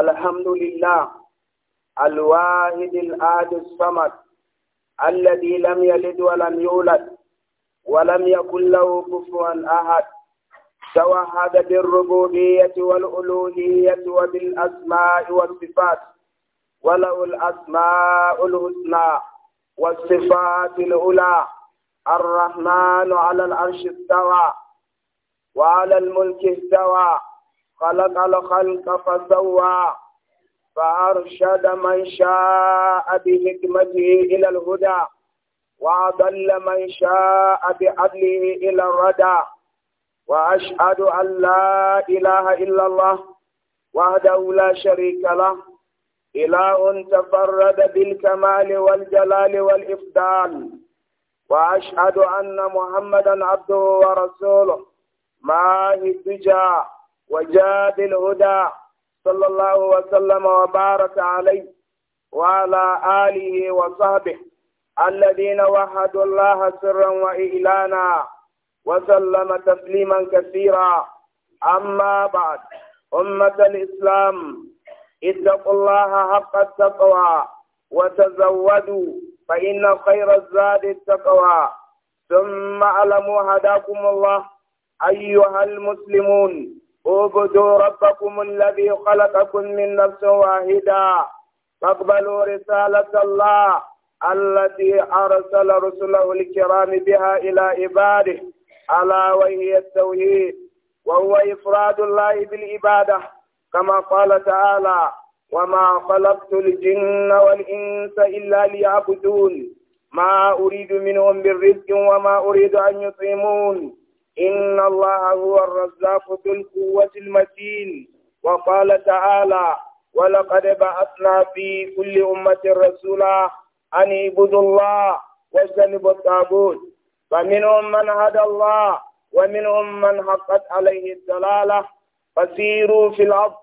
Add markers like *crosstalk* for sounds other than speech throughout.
الحمد لله الواحد الآد الصمد الذي لم يلد ولم يولد ولم يكن له كفوا أحد توحد بالربوبية والألوهية وبالأسماء والصفات وله الأسماء الحسنى والصفات الأولى الرحمن على العرش استوى وعلى الملك استوى خلق الخلق فسوى فأرشد من شاء بحكمته إلى الهدى وأضل من شاء بعدله إلى الردى وأشهد أن لا إله إلا الله وحده لا شريك له إله تفرد بالكمال والجلال والإفضال وأشهد أن محمدا عبده ورسوله ما هي وجاد الهدى صلى الله وسلم وبارك عليه وعلى آله وصحبه الذين وحدوا الله سرا وإعلانا وسلم تسليما كثيرا أما بعد أمة الإسلام اتقوا الله حق التقوى وتزودوا فإن خير الزاد التقوى ثم أعلموا هداكم الله أيها المسلمون اعبدوا ربكم الذي خلقكم من نفس واحدة فاقبلوا رسالة الله التي أرسل رسله الكرام بها إلى عباده ألا وهي التوحيد وهو إفراد الله بالعبادة كما قال تعالى وما خلقت الجن والإنس إلا ليعبدون ما أريد منهم من رزق وما أريد أن يطعمون إن الله هو الرزاق ذو القوة المتين وقال تعالى ولقد بعثنا في كل أمة رسولا أن اعبدوا الله واجتنبوا الطاغوت فمنهم من هدى الله ومنهم من حقت عليه الدلالة فسيروا في الأرض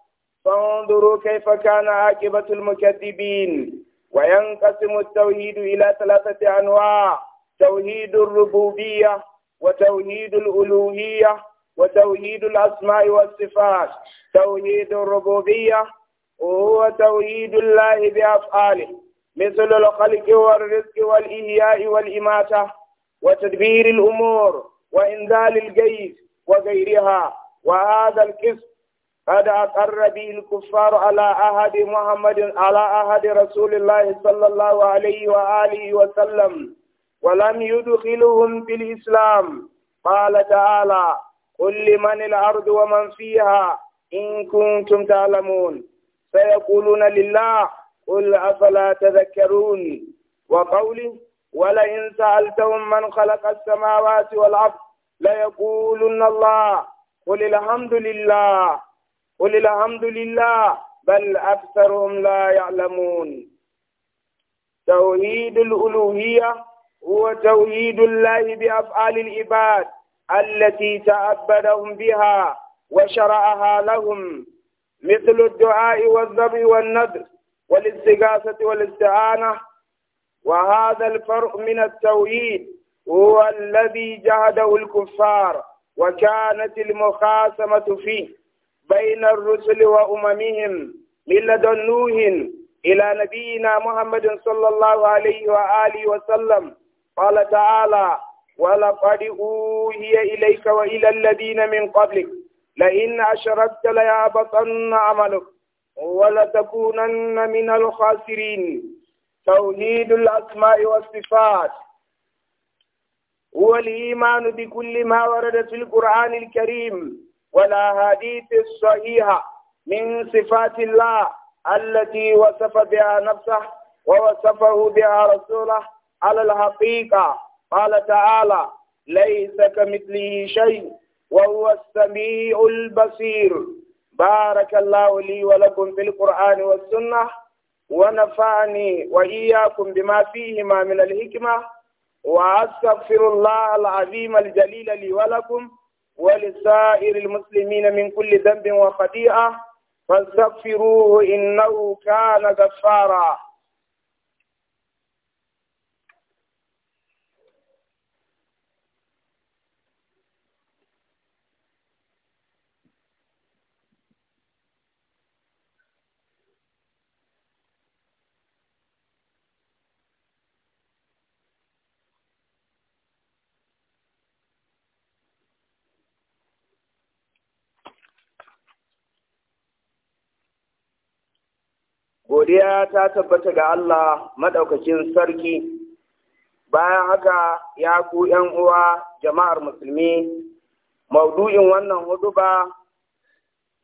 فانظروا كيف كان عاقبة المكذبين وينقسم التوحيد إلى ثلاثة أنواع توحيد الربوبية وتوحيد الألوهية وتوحيد الأسماء والصفات توحيد الربوبية وهو توحيد الله بأفعاله مثل الخلق والرزق والإحياء والإماتة وتدبير الأمور وإنزال الجيش وغيرها وهذا الكسب قد أقر به الكفار على عهد محمد على عهد رسول الله صلى الله عليه وآله وسلم ولم يدخلهم في الإسلام قال تعالى قل لمن الأرض ومن فيها إن كنتم تعلمون فيقولون لله قل أفلا تذكرون وقوله ولئن سألتهم من خلق السماوات والأرض ليقولن الله قل الحمد لله قل الحمد لله بل أكثرهم لا يعلمون توحيد الألوهية هو توحيد الله بأفعال العباد التي تعبدهم بها وشرعها لهم مثل الدعاء والذبح والنذر والاستغاثة والاستعانة وهذا الفرع من التوحيد هو الذي جهده الكفار وكانت المخاصمة فيه بين الرسل وأممهم من لدن نوح إلى نبينا محمد صلى الله عليه وآله وسلم قال تعالى ولقد أوهي إليك وإلى الذين من قبلك لئن أشركت ليعبطن عملك ولتكونن من الخاسرين توحيد الأسماء والصفات هو الإيمان بكل ما ورد في القرآن الكريم والأحاديث الصحيحة من صفات الله التي وصف بها نفسه ووصفه بها رسوله على الحقيقة قال تعالى ليس كمثله شيء وهو السميع البصير بارك الله لي ولكم في القرآن والسنة ونفعني وإياكم بما فيهما من الحكمة وأستغفر الله العظيم الجليل لي ولكم ولسائر المسلمين من كل ذنب وخطيئة فاستغفروه إنه كان غفارا godiya ta tabbata ga Allah maɗaukacin sarki bayan haka ya ku ‘yan uwa jama'ar musulmi maudu'in wannan huduba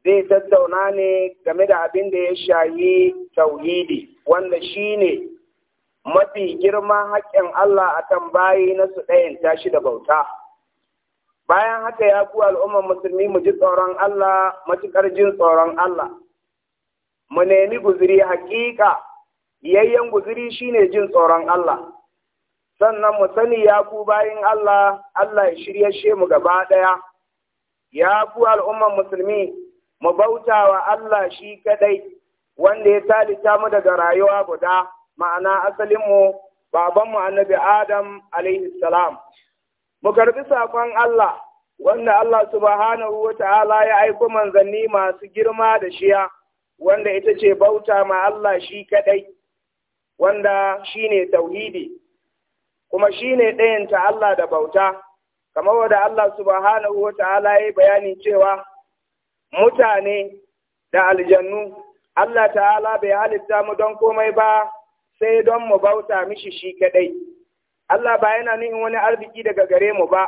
zai tattauna ne game da abin da ya shayi tauhidi wanda shine mafi girma haƙƙin Allah akan bayi na su ɗayan tashi da bauta bayan haka ya ku al'ummar musulmi mu ji tsoron Allah matuƙar jin tsoron Allah mu nemi guziri haƙiƙa yayyan guziri shine jin tsoron Allah sannan mu sani ya ku bayin Allah Allah ya she mu gaba ɗaya ya ku al'umman musulmi mu bauta wa Allah shi kadai wanda ya talita mu daga rayuwa guda ma'ana asalin asalinmu babanmu annabi Adam alaihi salam mu karbi sakon Allah wanda Allah subhanahu wa ta'ala ya aiko manzanni masu girma da shiya wanda ita ce bauta ma Allah shi kadai, wanda shi ne tauhidi, kuma shi ne ɗayanta Allah da bauta, kamar wada Allah subhanahu wa ta'ala ya bayani cewa mutane da aljannu, Allah ta'ala bai halitta mu don komai ba sai don mu bauta mishi shi kadai. Allah ba yana nihin wani arziki daga gare mu ba,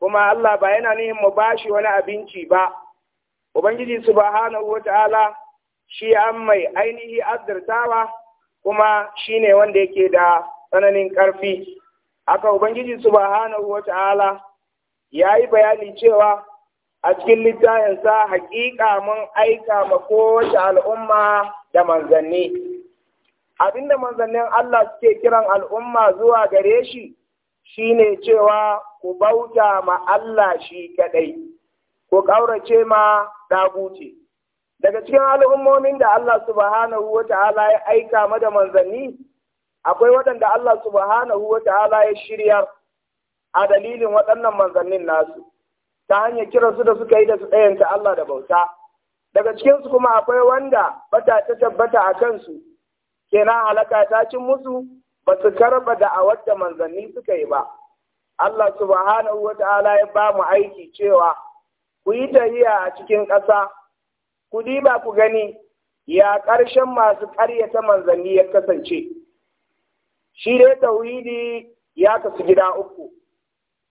kuma Allah ba yana nihin mu bashi wani abinci ba. Ubangiji subhanahu wa ta'ala shi an mai ainihi azurtawa kuma shi ne wanda yake da tsananin ƙarfi aka ubangiji subhanahu wa ta'ala ya yi bayani cewa a cikin littafinsa hakika mun aika ma kowace al'umma da manzanni abinda manzannin Allah suke kiran al'umma zuwa gare shi shi ne cewa ku bauta ma Allah shi kadai ku ƙaurace ma ɗabuce. daga cikin al'ummomin da Allah subhanahu wa ta'ala ya aika mada manzanni akwai waɗanda Allah subhanahu wa ta'ala ya shirya a dalilin waɗannan manzannin nasu ta hanyar su da suka yi da su ɗayanta Allah da bauta daga cikin su kuma akwai wanda bata ta tabbata a kansu kenan halaka ta cin musu ba su karba da a wadda manzanni suka yi ba Allah subhanahu wa ta'ala ya ba mu aiki cewa ku yi tahiya a cikin ƙasa ku diba ku gani ya ƙarshen masu ƙaryata manzanni ya kasance shi dai tauhidi ya kasu gida uku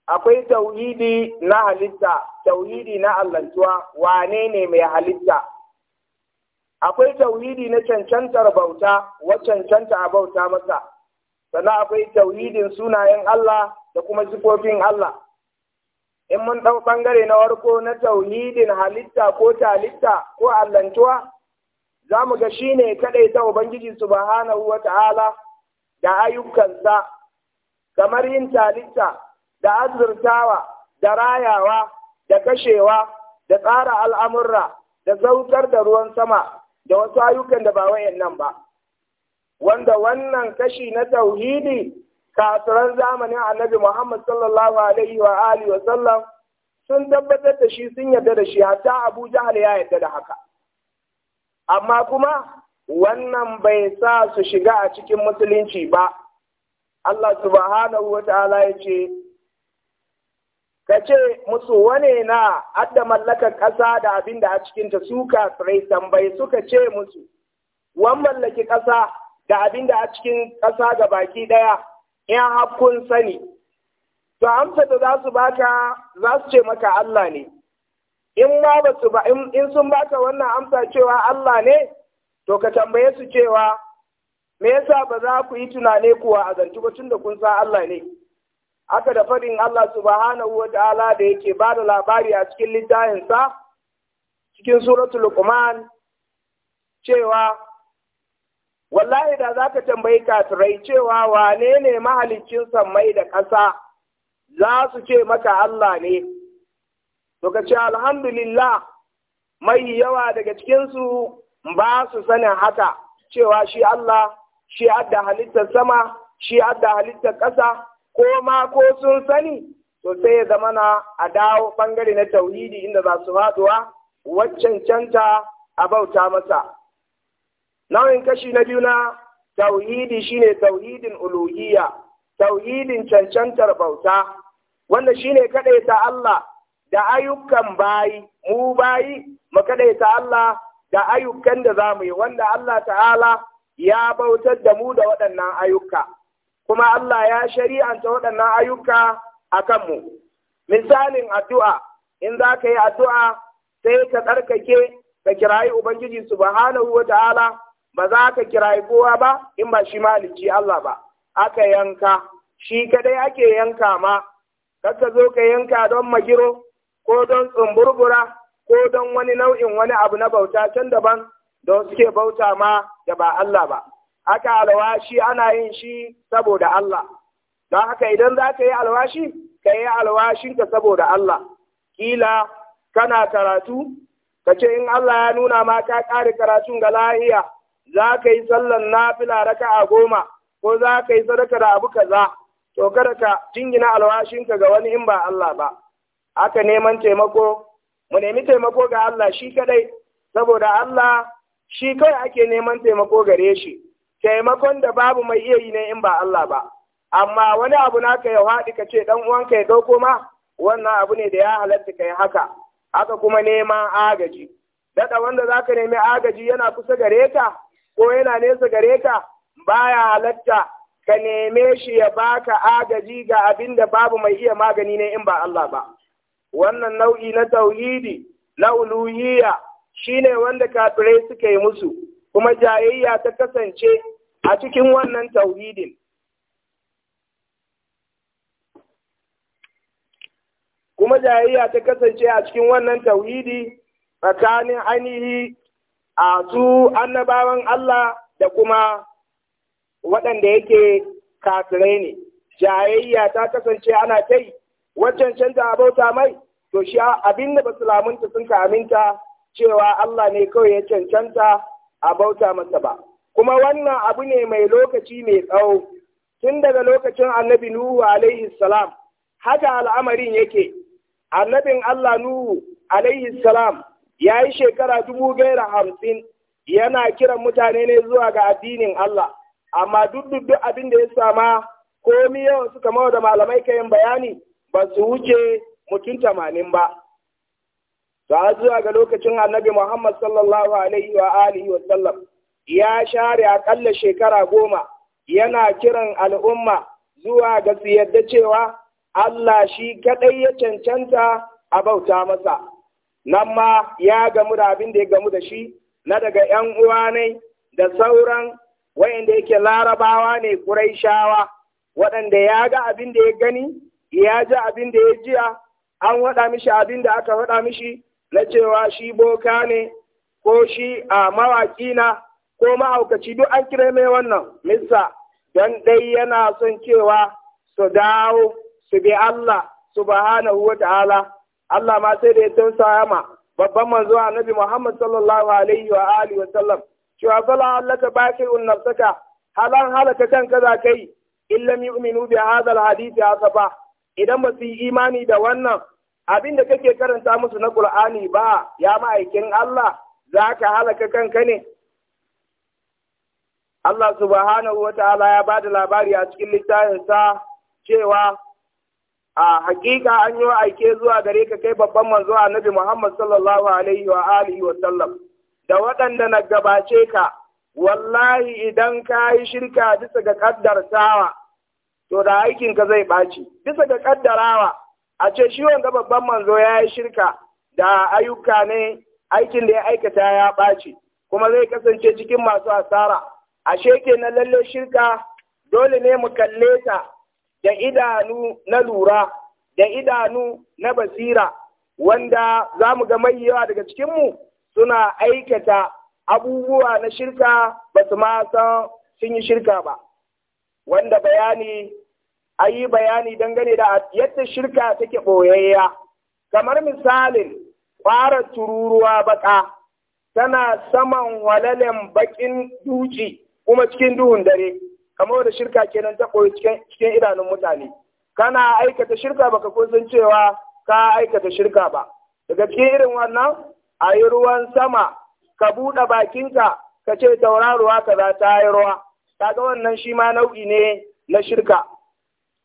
akwai tauhidi na halitta tauhidi na allantuwa wane ne mai halitta akwai tauhidi na cancantar bauta wa cancanta a bauta masa sannan akwai tauhidin sunayen Allah da kuma sifofin Allah in mun ɗau ɓangare na warko na tauhidin halitta ko talitta ko allantuwa za mu ga shi ne kaɗai ta Ubangiji subhanahu wa ta'ala da ayyukansa, kamar yin talitta da azurtawa da rayawa da kashewa da tsara al'amurra da saukar da ruwan sama da wasu ayyukan da ba wayan nan ba. Wanda wannan kashi na tauhidi kasuran zamanin annabi Muhammad sallallahu alaihi wa alihi wa sallam sun tabbatar da shi sun yarda da shi hatta Abu Jahal ya yarda da haka amma kuma wannan bai sa su shiga a cikin musulunci ba Allah subhanahu wa ta'ala ya ce ka ce musu wane na adda mallakar ƙasa da abin da a cikinta su kafirai tambayi suka ce musu wan mallaki ƙasa da abin da a cikin ƙasa ga baki ɗaya in hakkun sani to amsa da za su baka za ce maka Allah ne in ma ba su ba in sun baka wannan amsa cewa Allah ne to ka tambaye su cewa me yasa ba za ku yi tunane kuwa a zanci ba tunda kun sa Allah ne haka da fadin Allah subhanahu wa ta'ala da yake ba da labari a cikin littafinsa cikin suratul Luqman cewa wallahi da za ka tambayi kafirai cewa wane ne mahaliccin sammai da ƙasa za su ce maka Allah ne to ka ce alhamdulillah mai yawa daga cikinsu ba su sanin haka cewa shi Allah shi adda halittar sama shi adda halittar ƙasa ko ma ko sun sani to sai ya zama na a dawo ɓangare na tauhidi inda za su haɗuwa waccan canta a bauta masa nau'in kashi na biyu na tauhidi shine tauhidin uluhiyya tauhidin cancantar bauta wanda shine kadaita Allah da ayyukan bayi mu bayi mu kadaita Allah da ayyukan da zamu yi wanda Allah ta'ala ya bautar da mu da waɗannan ayyuka kuma Allah ya shari'anta waɗannan ayyuka a kanmu misalin addu'a in za ka yi addu'a sai ka tsarkake ka kirayi Ubangiji subhanahu wa ta'ala ba za ka kirayi kowa ba in ba shi maliki Allah ba aka yanka shi kadai ake yanka ma kaka zo ka yanka don magiro ko don tsumburbura ko don wani nau'in wani abu na bauta can daban don suke bauta ma da ba Allah ba haka alwashi ana yin shi saboda Allah don haka idan za ka yi alwashi ka yi ka saboda Allah kila kana karatu ka ce in Allah ya nuna ma ka ƙare karatun ga lahiya za ka yi sallan nafila a goma ko za ka yi sadaka da abu kaza to kada ka jingina alwashinka ga wani in ba Allah ba Aka neman taimako mu nemi taimako ga Allah shi kadai saboda Allah shi kai ake neman taimako gare shi taimakon da babu mai iya yi ne in ba Allah ba amma wani abu naka ya haɗi ka ce dan uwanka ya dauko ma wannan abu ne da ya halatta kai haka haka kuma neman agaji Dada wanda zaka nemi agaji yana kusa gare ka ko yana nesa gare ka baya halatta ka neme shi ya baka agaji ga abin da babu mai iya magani ne in ba Allah ba wannan nau'i na tauhidi na uluhiyya shine wanda kafirai suka yi musu kuma jayayya ta kasance a cikin wannan tauhidin kuma jayayya ta kasance a cikin wannan tauhidi tsakanin ainihi a su annabawan Allah da kuma waɗanda yake kafirai ne jayayya ta kasance ana kai yi waccan canza abauta mai to shi abin da basu lamunta sun ka aminta cewa Allah ne kawai ya cancanta a masa ba kuma wannan abu ne mai lokaci mai tsawo tun daga lokacin annabi Nuhu alaihi salam haka al'amarin yake annabin Allah Nuhu alaihi salam ya yi shekara dubu gaira hamsin yana kiran mutane ne zuwa ga addinin Allah amma duk duk abin da ya sama ko yawan suka mawa da malamai kayan bayani ba su wuce mutum tamanin ba ta zuwa ga lokacin annabi Muhammad sallallahu alaihi wa alihi wa sallam ya share akalla shekara goma yana kiran al'umma zuwa ga su yadda cewa Allah shi kaɗai ya cancanta a bauta masa, nan ma ya gamu da abin da ya gamu da shi na daga ‘yan uwa ne da sauran wayanda yake larabawa ne kurai shawa. waɗanda ya ga abin da ya gani ya ji abin da ya jiya an waɗa mishi abin da aka waɗa mishi na cewa shi boka ne ko shi a mawaƙi na ko ma'aukaci duk an kira mai wannan misa don ɗai yana son cewa su dawo su bi Allah subhanahu wa ta'ala Allah ma sai da ya tausaya ma babban manzo annabi Muhammad sallallahu alaihi wa alihi wa sallam cewa fala allaka un nafsaka halan halaka kanka za kai illam yu'minu bi hadha alhadith asafa idan ba su yi imani da wannan abin da kake karanta musu na Qur'ani ba ya ma'aikin Allah zaka halaka kanka ne Allah subhanahu wa ta'ala ya bada labari a cikin littafinsa cewa a hakika an yi aike zuwa gare ka kai babban manzo annabi Muhammad sallallahu alaihi wa alihi wa sallam da waɗanda na gabace ka wallahi idan ka yi shirka bisa ga kaddartawa to da aikin ka zai ɓaci bisa ga kaddarawa a ce shi wanda babban manzo ya yi shirka da ayyuka ne aikin da ya aikata ya ɓaci kuma zai kasance cikin masu asara shekin na lalle shirka dole ne mu kalle ta da idanu na lura da idanu na basira wanda za mu ga mai yawa daga cikinmu suna aikata abubuwa na shirka ba su ma san sun yi shirka ba wanda bayani a yi bayani dangane da yadda shirka take ɓoyayya kamar misalin ƙwara tururuwa baƙa tana saman walalen baƙin duci kuma cikin duhun dare kamar da shirka kenan ta koyi cikin idanun mutane kana aikata shirka baka kusan cewa ka aikata shirka ba daga cikin irin wannan a yi ruwan sama ka buɗe bakinka ka ce tauraruwa ka za ta yi ruwa kaga wannan shi ma nau'i ne na shirka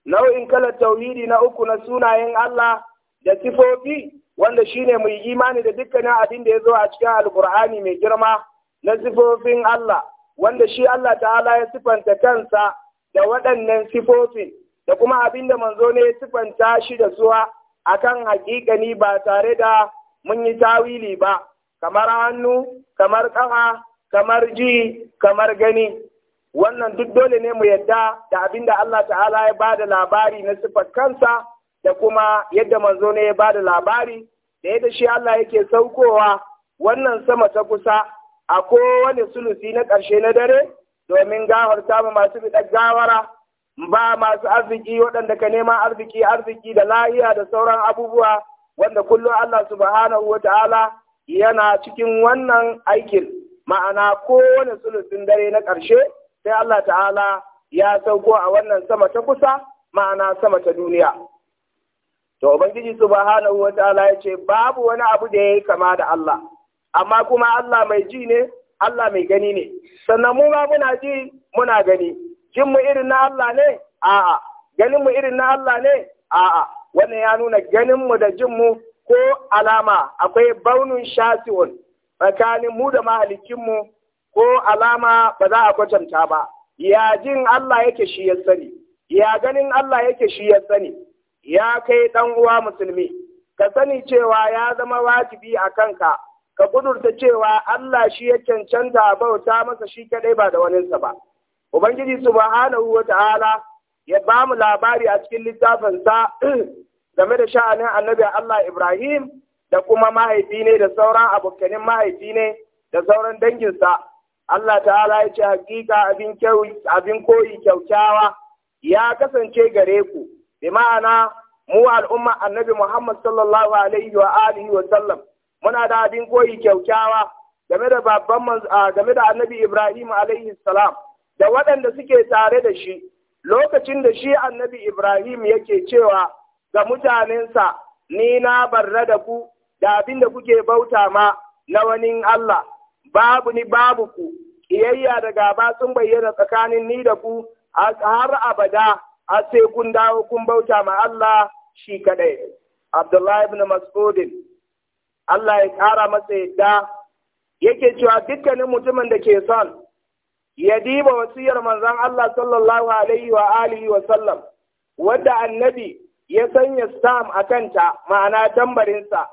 nau'in kalar tauhidi na uku na sunayen Allah da sifofi wanda shine mai imani da dukkanin abin da ya zo a cikin alkur'ani mai girma na sifofin Allah wanda shi Allah ta'ala ya sifanta kansa da waɗannan sifofi da kuma abin da manzo ne ya sifanta shi da zuwa, a kan hakikani ba tare da mun yi tawili ba kamar hannu kamar ƙafa kamar ji kamar gani wannan duk dole ne mu yadda da abin da Allah ta'ala ya ba da labari na sifar kansa da kuma yadda manzo ne ya ba da labari da yadda shi Allah yake saukowa wannan sama ta kusa a kowane sulusi na ƙarshe na dare domin gawar samu masu biɗa gawara ba masu arziki waɗanda ka nema arziki arziki da lahiya da sauran abubuwa wanda kullum Allah subhanahu wa ta'ala yana cikin wannan aikin ma'ana kowane sulusin dare na ƙarshe sai Allah ta'ala ya sauko a wannan sama ta kusa ma'ana sama ta duniya to ubangiji subhanahu wa ta'ala ya ce babu wani abu da ya yi kama da Allah amma kuma Allah mai ji ne Allah mai gani ne sannan mu ma muna ji muna gani jin mu irin na Allah ne a'a ganin mu irin na Allah ne a'a wannan ya nuna ganin mu da jin mu ko alama akwai baunin shasiwon tsakanin mu da mahalikinmu ko alama ba za a kwatanta ba ya jin Allah yake shi ya sani ya ganin Allah yake shi ya sani ya kai dan uwa musulmi ka sani cewa ya zama wajibi a kanka ka kudurta cewa Allah shi ya cancanta a bauta masa shi kadai ba da waninsa ba. Ubangiji subhanahu wa ta'ala ya ba mu labari a cikin littafinsa *clears throat* game da sha'anin annabi Allah Ibrahim da kuma mahaifi ne da sauran abokanin mahaifi ne da sauran danginsa. Allah ta'ala ya ce hakika abin koyi kyaukyawa ya kasance gare ku, bi ma'ana mu al'umma annabi Muhammad sallallahu alaihi wa alihi wa sallam. muna da abin koyi kyaukyawa game da babban game da annabi Ibrahim alaihi salam da waɗanda suke tare da shi lokacin da shi annabi Ibrahim yake cewa ga mutanensa ni na barra da ku da abin da kuke bauta ma na wani Allah babu ni babu ku kiyayya da gaba sun bayyana tsakanin ni da ku har abada har sai kun dawo kun bauta ma Allah shi kadai Abdullahi ibn Mas'udin Allah ya ƙara masa yadda yake cewa dukkanin mutumin da ke son ya diba wasiyar manzon Allah sallallahu alaihi wa alihi wa sallam wadda annabi ya sanya stam a kanta ma'ana tambarinsa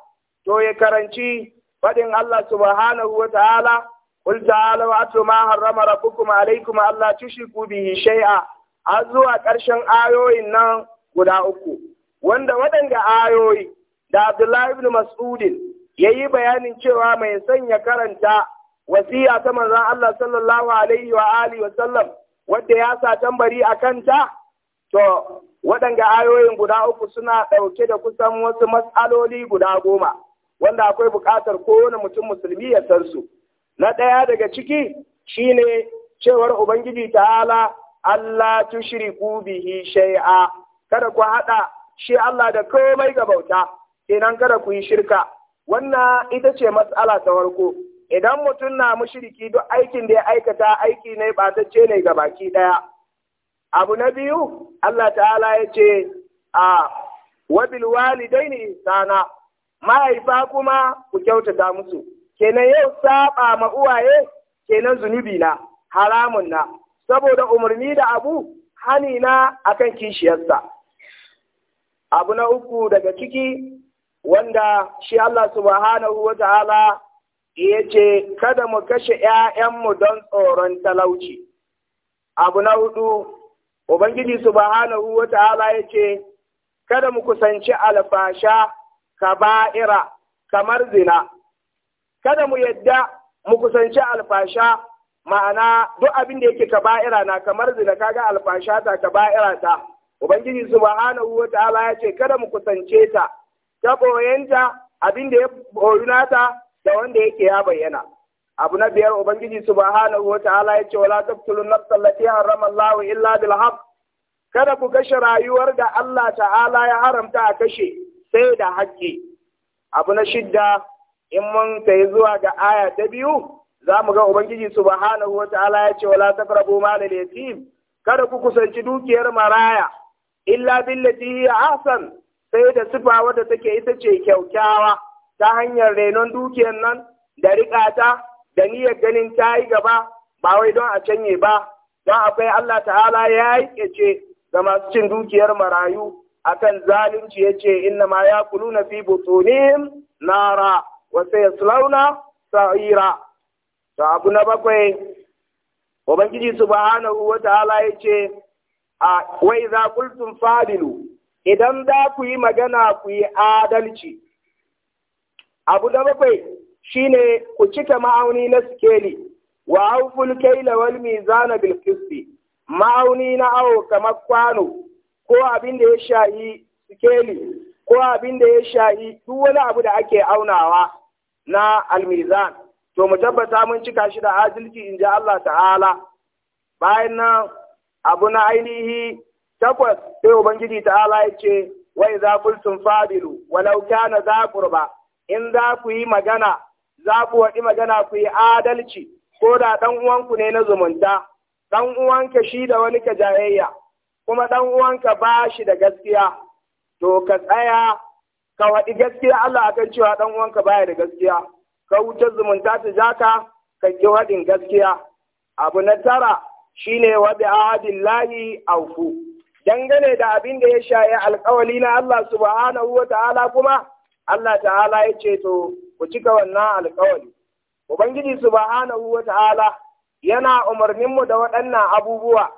to ya karanci faɗin Allah subhanahu wa ta'ala قل تعالوا ma ما حرم ربكم عليكم الا تشركوا به شيئا har zuwa ƙarshen ayoyin nan guda uku, wanda waɗanda ayoyi da Abdullahi ibn Mas'udin ya yi bayanin cewa mai sanya karanta wasiya ta manzon Allah sallallahu alaihi wa alihi wa sallam wadda ya sa tambari a kanta to waɗanga ayoyin guda uku suna ɗauke da kusan wasu matsaloli guda goma wanda akwai buƙatar kowane mutum musulmi ya san su na ɗaya daga ciki shine cewar ubangiji ta'ala Allah tushriku bihi shay'a kada ku haɗa shi Allah da komai ga bauta kenan kada ku yi shirka wannan ita ce matsala ta farko idan mutum na mushriki duk aikin da ya aikata aiki ne ba ce ne ga baki ɗaya. abu na biyu Allah ta'ala ya ce a wabil walidaini ihsana mahaifa kuma ku kyautata musu kenan yau saba ma uwaye kenan zunubi na haramun na saboda umarni da abu hani na akan kishiyarsa abu na uku daga ciki wanda shi Allah subhanahu wa ta'ala ya ce, Kada mu kashe ’ya'yanmu don tsoron talauci. Abu na hudu, Ubangiji subhanahu wa ta'ala ya ce, Kada mu kusanci alfasha ka ba'ira kamar zina, kada mu yadda mu kusanci alfasha ma'ana duk abin da yake ba'ira na kamar zina kaga alfasha ta ba’ira ta. Ubangiji subhanahu wa ta'ala ya ce, Kada mu kusance ta. ta koyanta abin da ya ɓoyi nata da wanda yake ya bayyana abu na biyar ubangiji subhanahu wa ta'ala ya ce wala taqtulu nafsan allati harrama Allahu illa bil haqq kada ku kashe rayuwar da Allah ta'ala ya haramta a kashe sai da hakki." abu na shidda in mun tayi zuwa ga aya ta biyu za mu ga ubangiji subhanahu wa ta'ala ya ce wala taqrabu malal yatim kada ku kusanci dukiyar maraya illa billati hiya ahsan sai da sufa wadda take ita ce kyaukyawa ta hanyar renon dukiyar nan da riƙa da niyyar ganin ta yi gaba ba wai don a canye ba don akwai Allah ta'ala ya yi ce ga masu cin dukiyar marayu akan zalunci ya ce inna ma ya kulu na fi butunihim nara wasu ya sulauna sa'ira to abu na bakwai ubangiji subhanahu wa ta'ala ya ce a wai za kultum fadilu idan za ku yi magana ku yi adalci. Abu da bakwai shi ne ku cika ma'auni na sikeli, wa auful kaila wal mizana bilkisti, ma'auni na awo kamar kwano, ko abin da ya shayi sikeli, ko abin da ya shayi duk wani abu da ake aunawa na almizan. To mu tabbata mun cika shi da adalci in ji Allah ta'ala. Bayan nan abu na ainihi takwas sai ubangiji ala ya ce za ku sun fadilu walau kana za qurba in za ku yi magana za ku waɗi magana ku yi adalci ko da ɗan uwanku ne na zumunta ɗan uwanka shi da wani ka jayayya kuma ɗan uwanka ba shi da gaskiya to ka tsaya ka waɗi gaskiya Allah a kan cewa ɗan uwanka baya da gaskiya ka wuce zumunta ta jaka ka ki waɗin gaskiya abu na tara shine wa bi awfu dangane da abin da ya shaye alkawali na Allah subhanahu wa ta'ala kuma Allah ta'ala ya ce to ku cika wannan alkawali ubangiji subhanahu wa ta'ala yana umarnin mu da waɗannan abubuwa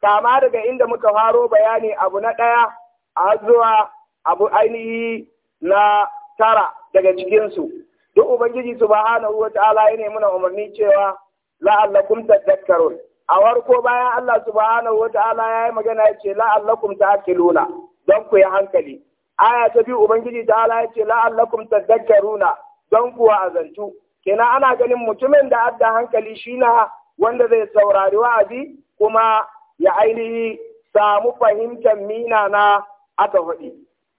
kama daga inda muka faro bayani abu na ɗaya a zuwa abu ainihi na tara daga cikinsu duk ubangiji subhanahu wa ta'ala ya ne muna umarni cewa la'allakum tadhakkarun a warko bayan Allah subhanahu wa ta'ala ya yi magana ya ce la'allakum ta'qiluna don ku yi hankali aya ta biyu ubangiji ta'ala ya ce la'allakum tadhakkaruna don ku azantu kenan ana ganin mutumin da adda hankali shi na wanda zai saurari wa'azi kuma ya ainihi samu fahimtar mina na aka faɗi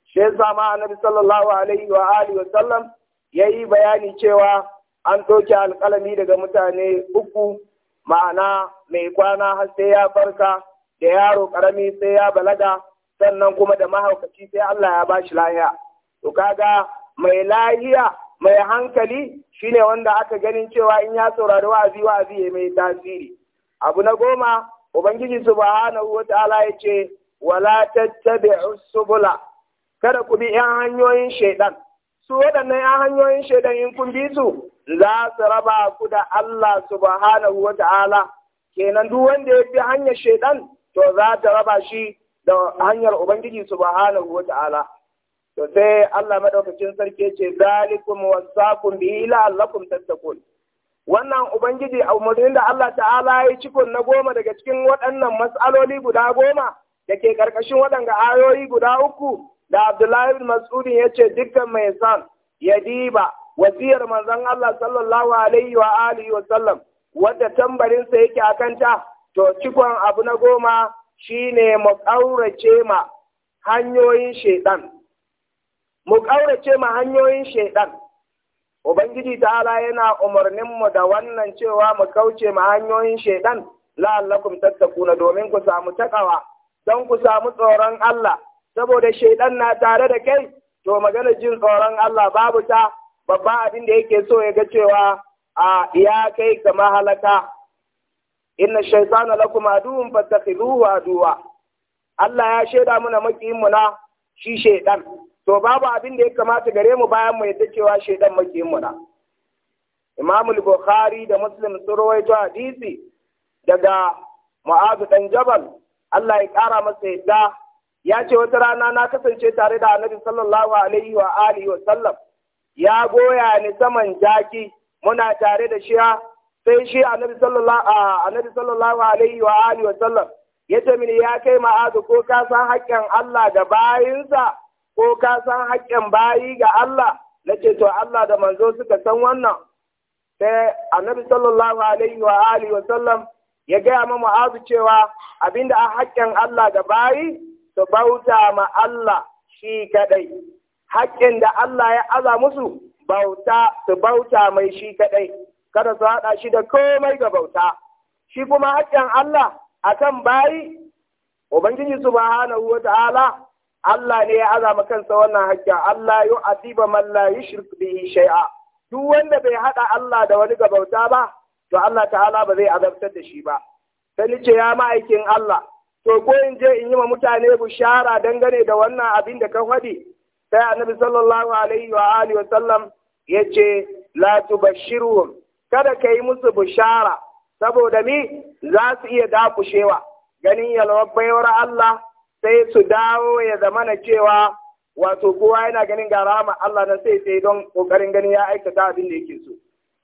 shi yasa ma annabi sallallahu alaihi wa alihi wa sallam yayi bayani cewa an ɗauki alƙalami daga mutane uku ma'ana mai kwana har sai ya farka da yaro karami sai ya balaga sannan kuma da mahaukaci sai Allah ya bashi lahiya to kaga mai lahiya mai hankali shine wanda aka ganin cewa in ya saurari wa'azi wa'azi ya mai tasiri abu na goma ubangiji subhanahu wataala ya ce wala tattabi'u subula kada ku bi yan hanyoyin shaidan su waɗannan yan hanyoyin shaidan in kun bi su za su raba ku da Allah subhanahu wataala kenan duk wanda ya bi hanyar shaidan to za ta raba shi da hanyar ubangiji subhanahu wa ta'ala to sai Allah madaukakin sarki ce zalikum wasaqum bihi la'allakum tattaqun wannan ubangiji a umarnin da Allah ta'ala ya ci na goma daga cikin waɗannan mas'aloli guda goma da ke ƙarƙashin waɗanga ayoyi guda uku da Abdullahi bin Mas'ud ya ce dukkan mai san ya diba wasiyar manzon Allah sallallahu alaihi wa alihi wa sallam wadda tambarinsa yake a kanta, to cikon abu na goma shi ne mu ƙaurace ma hanyoyin shaiɗan. Mu ƙaurace ma hanyoyin shaiɗan. Ubangiji ta'ala yana umarninmu da wannan cewa mu kauce ma hanyoyin shaiɗan la'allakum tattakuna domin ku samu takawa, don ku samu tsoron Allah, saboda shaiɗan na tare da kai, to magana jin tsoron Allah babu ta babban abin da yake so ya ga cewa a ya kai ka mahalaka inna shaytana lakum aduwwun fattakhiduhu aduwa Allah ya shaida muna makiyin mu na shi shaidan to babu abin da ya kamata gare mu bayan mu yadda cewa shaidan makiyin mu na Imam al-Bukhari da Muslim sun rawaito hadisi daga Mu'adh dan Jabal Allah ya kara masa yadda ya ce wata rana na kasance tare da Annabi sallallahu alaihi wa alihi wa sallam ya goya ni saman jaki muna tare da shi sai shi annabi sallallahu sallallahu alaihi wa ali wa sallam ya ce mini ya kai ma'azu ko ka san haƙƙin Allah da bayinsa ko ka san haƙƙin bayi ga Allah Na ce to Allah da manzo suka san wannan sai annabi sallallahu alaihi wa ali wa sallam ya gaya ma ma'azu cewa abinda a haƙƙin Allah da bayi su bauta ma Allah shi kadai haƙƙin da Allah ya aza musu bauta su bauta mai shi kaɗai, kada su haɗa shi da komai ga bauta, shi kuma haƙƙin Allah a kan bayi, Ubangiji subhanahu wa ta'ala, Allah ne ya azama kansa wannan haƙƙin Allah yau asiba man la yushrik shai'a. Duk wanda bai haɗa Allah da wani ga bauta ba, to Allah ta'ala ba zai azabtar da shi ba. Sani ce ya ma'aikin Allah, to ko in je in yi ma mutane bushara dangane da wannan abin da ka haɗi? sai annabi sallallahu alaihi wa ali wa sallam yace la tubashshiruhum kada kai musu bushara saboda mi za su iya dakushewa ganin yalwar Allah sai su dawo ya zamana cewa wato kowa yana ganin ga rahama Allah na sai sai don kokarin ganin ya aikata abin da yake so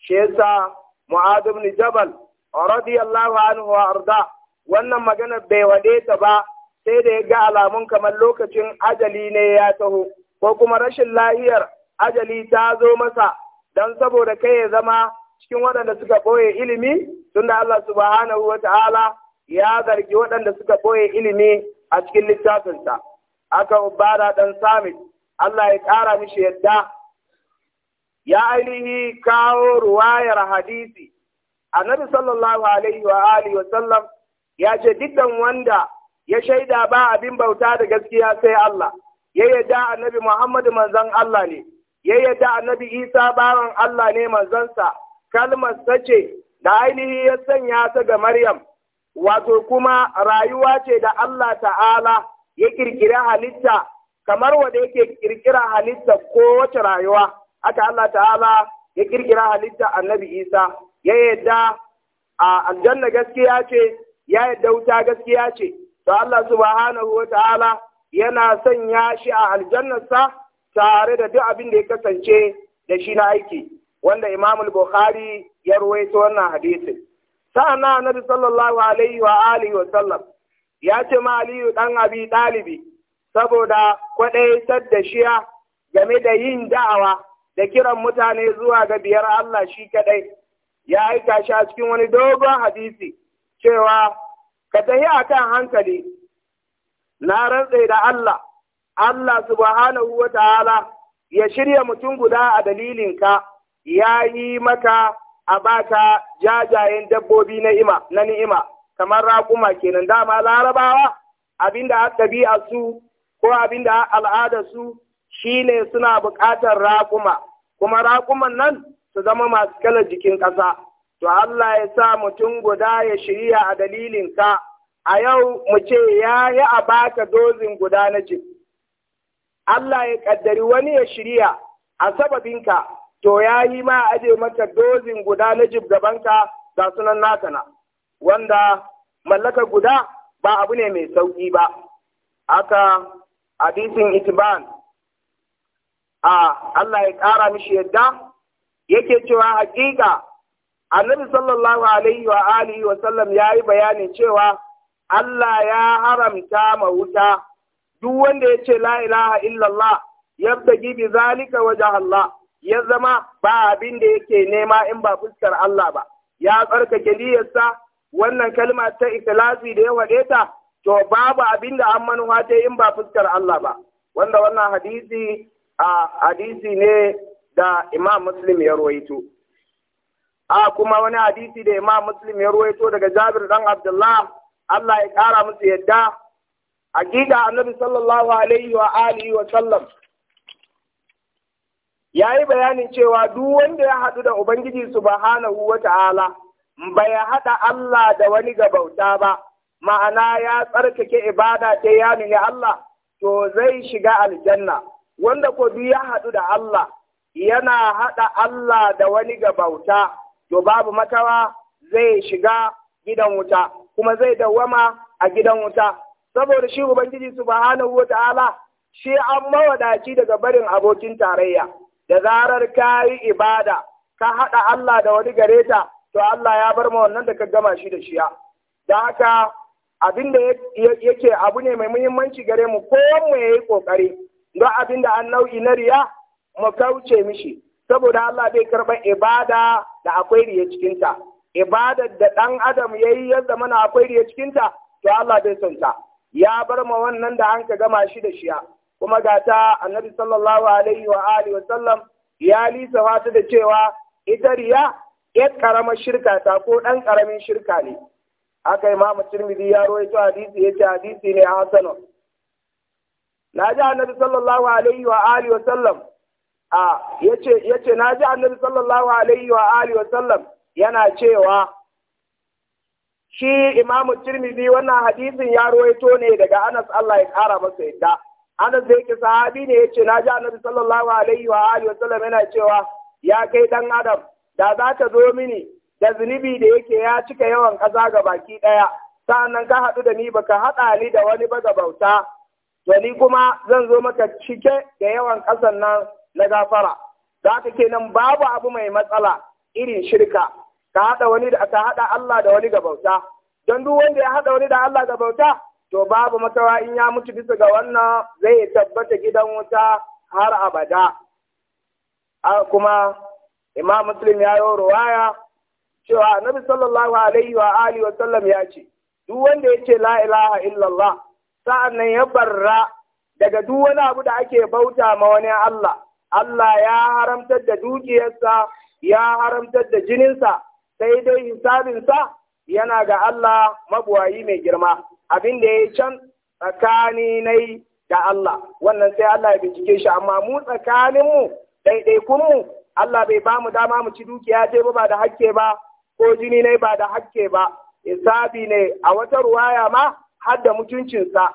shi yasa mu'ad ibn Jabal radiyallahu anhu wa arda wannan magana bai wadeta ba sai da ya ga alamun kamar lokacin ajali ne ya taho ko kuma rashin lahiyar ajali ta zo masa don saboda kai ya zama cikin waɗanda suka ɓoye ilimi tunda Allah subhanahu wa ta'ala ya zargi waɗanda suka ɓoye ilimi a cikin littafinsa aka da dan samit Allah ya ƙara mishi yadda ya ainihi kawo ruwayar hadisi annabi sallallahu alaihi wa alihi wa sallam ya ce dukkan wanda ya shaida ba abin bauta da gaskiya sai Allah ya yadda annabi Muhammadu manzon Allah ne ya yadda annabi Isa baron Allah ne manzansa kalmar sace da ainihi ya sanya ta ga Maryam wato kuma rayuwa ce da Allah ta'ala ya kirkira halitta kamar wanda yake kirkira halitta ko wace rayuwa aka Allah ta'ala ya kirkira halitta annabi Isa ya yadda a aljanna gaskiya ce ya yadda wuta gaskiya ce to Allah subhanahu wa ta'ala yana sanya shi a aljannarsa tare da duk abin da ya kasance da shi na aiki wanda Imam Bukhari ya ruwaito wannan hadisin sa'anna Annabi sallallahu alaihi wa alihi wa sallam ya ce ma Aliyu dan Abi Dalibi saboda kwadaitar da shiya game da yin da'awa da kiran mutane zuwa ga biyar Allah shi kadai ya aika shi a cikin wani dogon hadisi cewa ka tahi akan hankali na rantse da Allah Allah subhanahu wa ta'ala ya shirya mutum guda a dalilinka ya yi maka a baka jajayen dabbobi na ima na ni'ima kamar raƙuma kenan dama larabawa abinda aka bi su ko abinda al'ada su shine suna buƙatar raƙuma kuma raƙuman nan su zama masu kala jikin ƙasa to Allah ya sa mutum guda ya shirya a dalilinka a yau mu ce ya yi a baka dozin guda na jin. Allah ya ƙaddari wani ya shirya a sababinka, to ya yi ma aje maka dozin guda na jib gabanka ga sunan naka na, wanda mallaka guda ba abu ne mai sauƙi ba. Aka hadisin itiban, a Allah ya ƙara mishi yadda yake cewa hakika annabi sallallahu alaihi wa alihi wa sallam ya yi bayanin cewa Allah ya haramta ma wuta duk wanda ya ce la ilaha illallah yabda bi zalika waje Allah ya zama ba abin da yake nema in ba fuskar Allah ba ya tsarkake niyyarsa wannan kalma ta ikhlasi da ya wade ta to babu abin da an manuwa ta in ba fuskar Allah ba wanda wannan hadisi a hadisi ne da Imam Muslim ya rawaito a kuma wani hadisi da Imam Muslim ya rawaito daga Jabir dan Abdullah Allah ya ƙara musu yadda hakika annabi sallallahu alaihi wa alihi wa sallam ya yi bayanin cewa duk wanda ya haɗu da ubangiji subhanahu wa ta'ala bai haɗa Allah da wani ga bauta ba ma'ana ya tsarkake ibada ta ya Allah to zai shiga aljanna wanda ko duk ya haɗu da Allah yana haɗa Allah da wani ga bauta to babu matawa zai shiga gidan wuta kuma zai dawwama a gidan wuta saboda shi ubangiji subhanahu wata'ala shi an mawadaci daga barin abokin tarayya da zarar ka yi ibada ka haɗa Allah da wani gareta, to Allah ya bar ma wannan da ka gama shi da shiya da haka abin da yake abu ne mai muhimmanci gare mu ko mu yayi kokari don abin da an nau'i na riya mu kauce mishi saboda Allah bai karɓar ibada da akwai riya cikinta ibadar da ɗan adam ya yi yadda mana akwai riya cikinta to Allah bai son ta ya bar ma wannan da an ka gama shi da shiya kuma ga ta annabi sallallahu alaihi wa alihi wa sallam ya lisa ta da cewa ita riya ya karamar shirka ta ko ɗan karamin shirka ne haka imam tirmidhi ya rawaito hadisi yace hadisi ne na ji annabi sallallahu alaihi wa alihi wa sallam a yace yace na ji annabi sallallahu alaihi wa alihi wa sallam yana cewa shi imamu tirmidhi wannan hadisin ya ruwaito ne daga anas Allah ya kara masa yadda anas zai yake sahabi ne ya ce na ji annabi sallallahu alaihi wa alihi wa sallam yana cewa ya kai ɗan adam da za ka zo mini da zunubi da yake ya cika yawan ƙasa ga baki ɗaya sa'annan ka haɗu da ni baka haɗa ni da wani ba ga bauta to ni kuma zan zo maka cike da yawan ƙasan nan na gafara za ka kenan babu abu mai matsala irin shirka ka haɗa wani da ka haɗa Allah da wani gabauta bauta don duk wanda ya haɗa wani da Allah gabauta to babu makawa in ya mutu bisa ga wannan zai tabbata gidan wuta har abada kuma imam muslim ya yi ruwaya cewa annabi sallallahu alaihi wa alihi wa sallam ya ce duk wanda ya ce la ilaha illallah sa'an nan ya barra daga duk wani abu da ake bauta ma wani Allah Allah ya haramtar da dukiyarsa ya haramtar da jininsa sai dai hisabinsa yana ga Allah mabuwayi mai girma abin da ya can tsakani na da Allah wannan sai Allah ya bincike shi amma mu tsakaninmu ɗaiɗaikunmu Allah bai ba mu dama mu ci dukiya ce ba da hakke ba ko jini ne ba da hakke ba hisabi ne a wata ruwaya ma har da mutuncinsa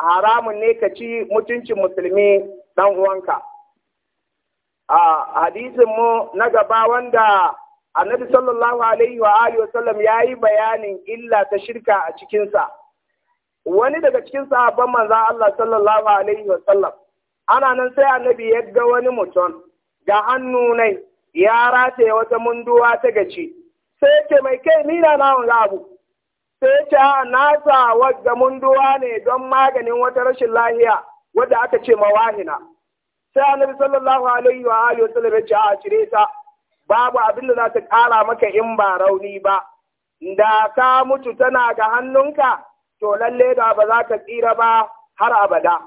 haramun ne ka ci mutuncin musulmi dan uwanka a hadisin mu na gaba wanda annabi sallallahu alaihi wa alihi wa sallam ya yi bayanin illa ta shirka a cikinsa. wani daga cikin sahabban manza Allah sallallahu alaihi wa sallam ana nan sai annabi ya ga wani mutum ga hannu nai ya rataye wata munduwa ta gaci sai ce mai kai ni na na abu sai ce na sa wadda munduwa ne don maganin wata rashin lahiya wadda aka ce mawahina sai annabi sallallahu alaihi wa alihi wa sallam ya ci a cire ta babu abin da za ta ƙara maka in ba rauni ba da ka mutu tana ga hannunka to lalle da ba za ka tsira ba har abada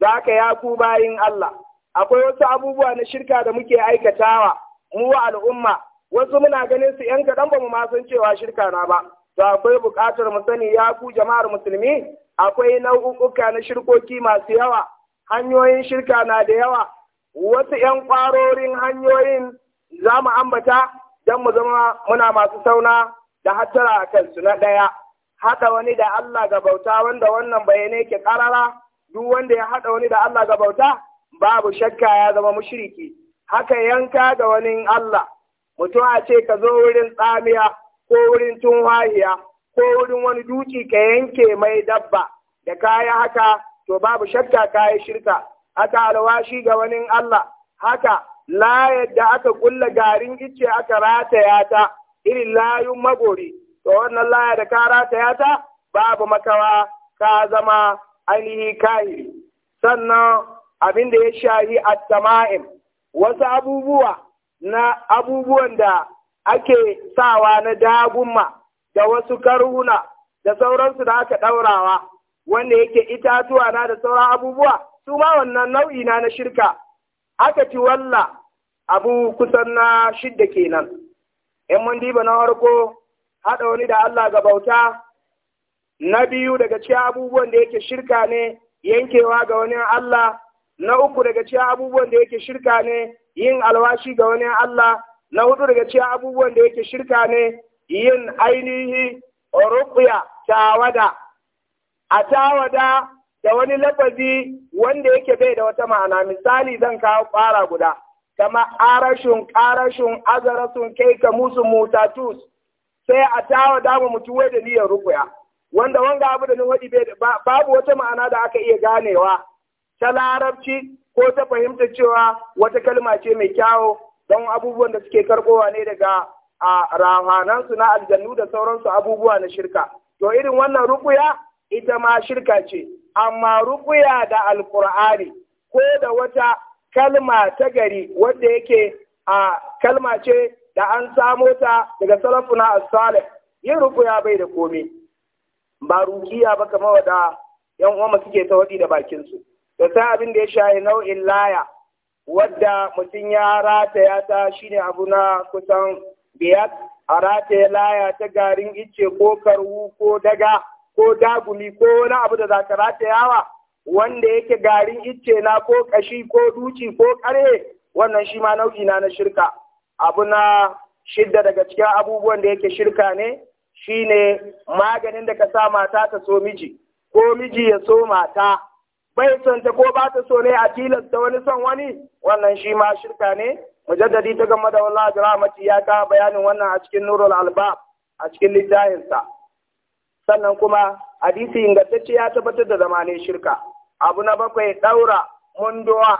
za ka ya ku bayin Allah akwai wasu abubuwa na shirka da muke aikatawa mu al'umma wasu muna ganin su yan kaɗan ba mu ma san cewa shirka na ba to akwai buƙatar mu sani ya ku jama'ar musulmi akwai nau'uka na shirkoki masu yawa hanyoyin shirka na da yawa wasu yan ƙwarorin hanyoyin za mu ambata don mu zama muna masu sauna da hattara a kansu na ɗaya haɗa wani da Allah ga bauta wanda wannan bayanai ke ƙarara duk wanda ya haɗa wani da Allah ga bauta babu shakka ya zama mushriki haka yanka ga wani Allah mutum a ce ka zo wurin tsamiya ko wurin tunwahiya ko wurin wani duki ka yanke mai dabba da kaya haka to babu shakka kaya shirka haka alwashi ga wani Allah haka la yadda aka kulla garin ice aka rataya ta irin layun magori to wannan laya da ka rataya ta babu makawa ka zama ainihi kahiri sannan abin da ya shahi at-tama'im wasu abubuwa na abubuwan da ake sawa na dagunma da wasu karhuna da sauransu da aka ɗaurawa wanda yake itatuwa na da sauran abubuwa su ma wannan nau'i na na shirka aka ci walla abu kusan na shidda kenan Yan mundi ba na harko haɗa wani da Allah ga bauta na biyu daga cikin abubuwan da yake shirka ne yankewa ga wani Allah na uku daga cikin abubuwan da yake shirka ne yin alwashi ga wani Allah na hudu daga cikin abubuwan da yake shirka ne yin ainihi ruqya tawada a tawada da wani lafazi wanda yake bai da wata ma'ana misali zan kawo ƙwara guda kama arashun karashun azarasun kai ka musu mutatus sai a tawa dama mutuwe da niyyar rukuya wanda wanga abu da ni wadi babu wata ma'ana da aka iya ganewa ta larabci ko ta fahimta cewa wata kalma ce mai kyawo don abubuwan da suke karbowa ne daga a rahanansu na aljannu da sauransu abubuwa na shirka to irin wannan rukuya ita ma shirka ce amma rukuya da alkur'ani ko da wata kalma ta gari wadda yake a kalma ce da an samo ta daga salafuna as-salih yin rukuya bai da komi ba rukiya ba kamar wada yan uwa suke ta wadi da bakin su to abin da ya shaye nau'in laya wadda mutum ya rataya ta shine abu na kusan biyar a rataya laya ta garin icce ko karwu ko daga ko dagumi ko wani abu da zaka rata ratayawa wanda yake garin icce na ko kashi ko duci ko kare wannan shi ma nau'i na na shirka abu na shidda daga cikin abubuwan da yake shirka ne shine maganin da ka sa mata ta so miji ko miji ya so mata bai son ta ko ba ta so ne a tilasta wani son wani wannan shi ma shirka ne mujaddadi ta gama da wallahi rahmati ya ka bayanin wannan a cikin nurul albab a cikin littafinsa sannan kuma hadisi ingantacce ya tabbatar da zamane shirka abu na bakwai daura munduwa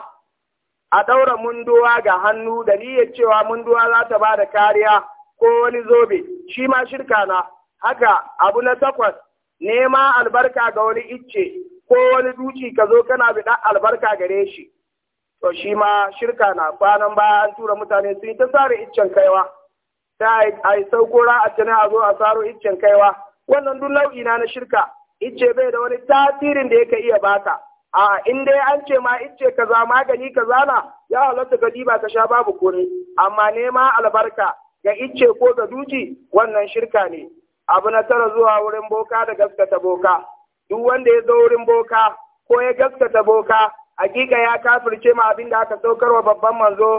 a daura munduwa ga hannu da niyyar cewa munduwa za ta ba da kariya ko wani zobe shi ma shirka na haka abu na takwas nema albarka ga wani icce ko wani duci ka zo kana bi albarka gare shi to shi ma shirka na kwanan baya an tura mutane sun yi ta sare iccen kaiwa ta a yi sauko a tana a zo a saro iccen kaiwa wannan duk nau'i na na shirka ice bai da wani tasirin da yake iya baka a in dai an ce ma ice kaza magani kaza na ya halatta ka diba ka sha babu kore amma nema albarka ga ice ko ga duji wannan shirka ne abu na tara zuwa wurin boka da gaskata boka duk wanda ya zo wurin boka ko ya gaskata boka hakika ya kafirce ma abin da aka saukar wa babban manzo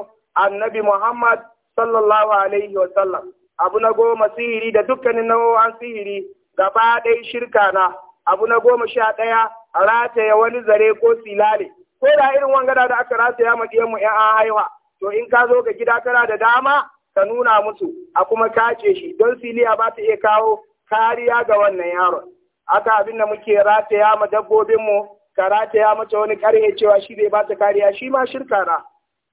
annabi Muhammad sallallahu alaihi wa sallam abu na goma sihiri da dukkanin an sihiri gaba ɗaya shirka na abu na goma sha ɗaya rataya wani zare ko silale ko da irin wangada da aka rataya ma ɗiyan mu an haihuwa to in ka zo ga gida kana da dama ka nuna musu a kuma kace shi don siliya ba ta iya kawo kariya ga wannan yaron aka abin da muke rataya ma dabbobin mu ka rataya mata wani karhe cewa shi bai ba kariya shi ma shirka na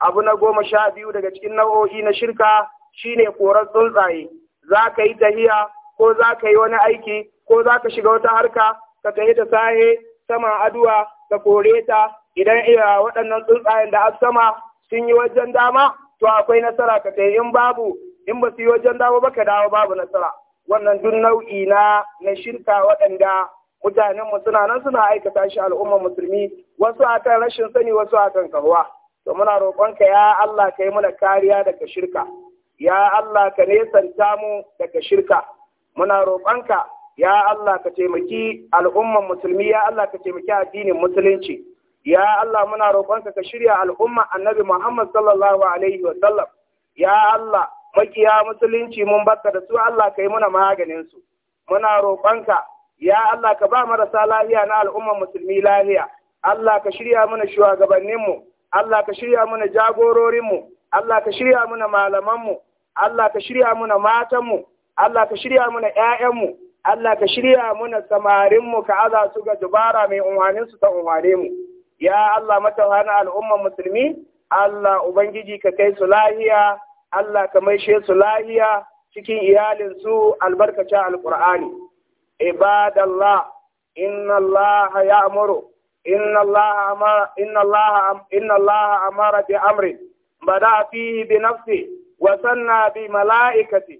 abu na goma sha biyu daga cikin nau'o'i na shirka shine korar tsuntsaye za ka yi tahiya ko za ka yi wani aiki ko za ka shiga wata harka ka tafi ta sahe sama aduwa ka kore ta idan iya waɗannan tsuntsayen da as sama sun yi wajen dama to akwai nasara ka tafi in babu in ba su yi wajen dama ba ka dawo babu nasara wannan duk nau'i na na shirka waɗanda mutanen mu suna nan suna aikata shi al'ummar musulmi wasu akan rashin sani wasu akan karuwa to muna roƙonka ya Allah ka kai mana kariya daga shirka ya Allah ka nesanta mu daga shirka muna roƙonka ya Allah ka taimaki al'umman musulmi ya Allah ka taimaki addinin musulunci ya Allah muna roƙonka ka shirya al'umma annabi Muhammad sallallahu alaihi wa sallam ya Allah makiya musulunci mun barka da su Allah ka muna maganin su muna roƙonka ya Allah ka ba marasa lafiya na al'umman musulmi lafiya Allah ka shirya mana mu Allah ka shirya mana jagororinmu Allah ka shirya mana mu Allah ka shirya mana mu Allah ka shirya muna ‘ya'yanmu, Allah ka shirya muna samarinmu ka aza su ga dubara mai unwaninsu ta unhane mu. Ya Allah matawhana al'umman musulmi, Allah Ubangiji ka kai su lahiya, Allah ka maishe su lahiya cikin iyalinsu albarkacin alƙur'ani. Ibadallah, inna Allah ya amuru, inna Allah amara bi amri, bada fihi bi nafsi, wa sanna bi mala'ikati.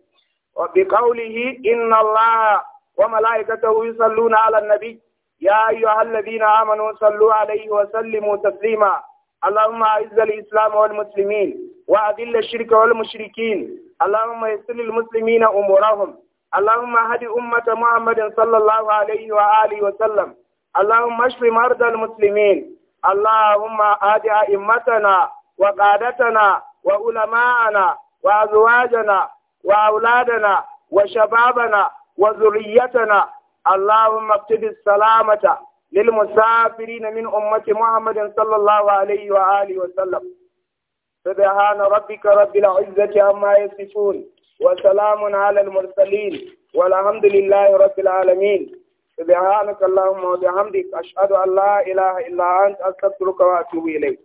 بقوله إن الله وملائكته يصلون على النبي يا أيها الذين آمنوا صلوا عليه وسلموا تسليما اللهم أعز الإسلام والمسلمين وأذل الشرك والمشركين اللهم يسر المسلمين أمورهم اللهم هد أمة محمد صلى الله عليه وآله وسلم اللهم اشف مرضى المسلمين اللهم هد أئمتنا وقادتنا وعلماءنا وأزواجنا وأولادنا وشبابنا وذريتنا اللهم اكتب السلامة للمسافرين من أمة محمد صلى الله عليه وآله وسلم سبحان ربك رب العزة عما يصفون وسلام على المرسلين والحمد لله رب العالمين سبحانك اللهم وبحمدك أشهد أن لا إله إلا أنت أستغفرك وأتوب إليك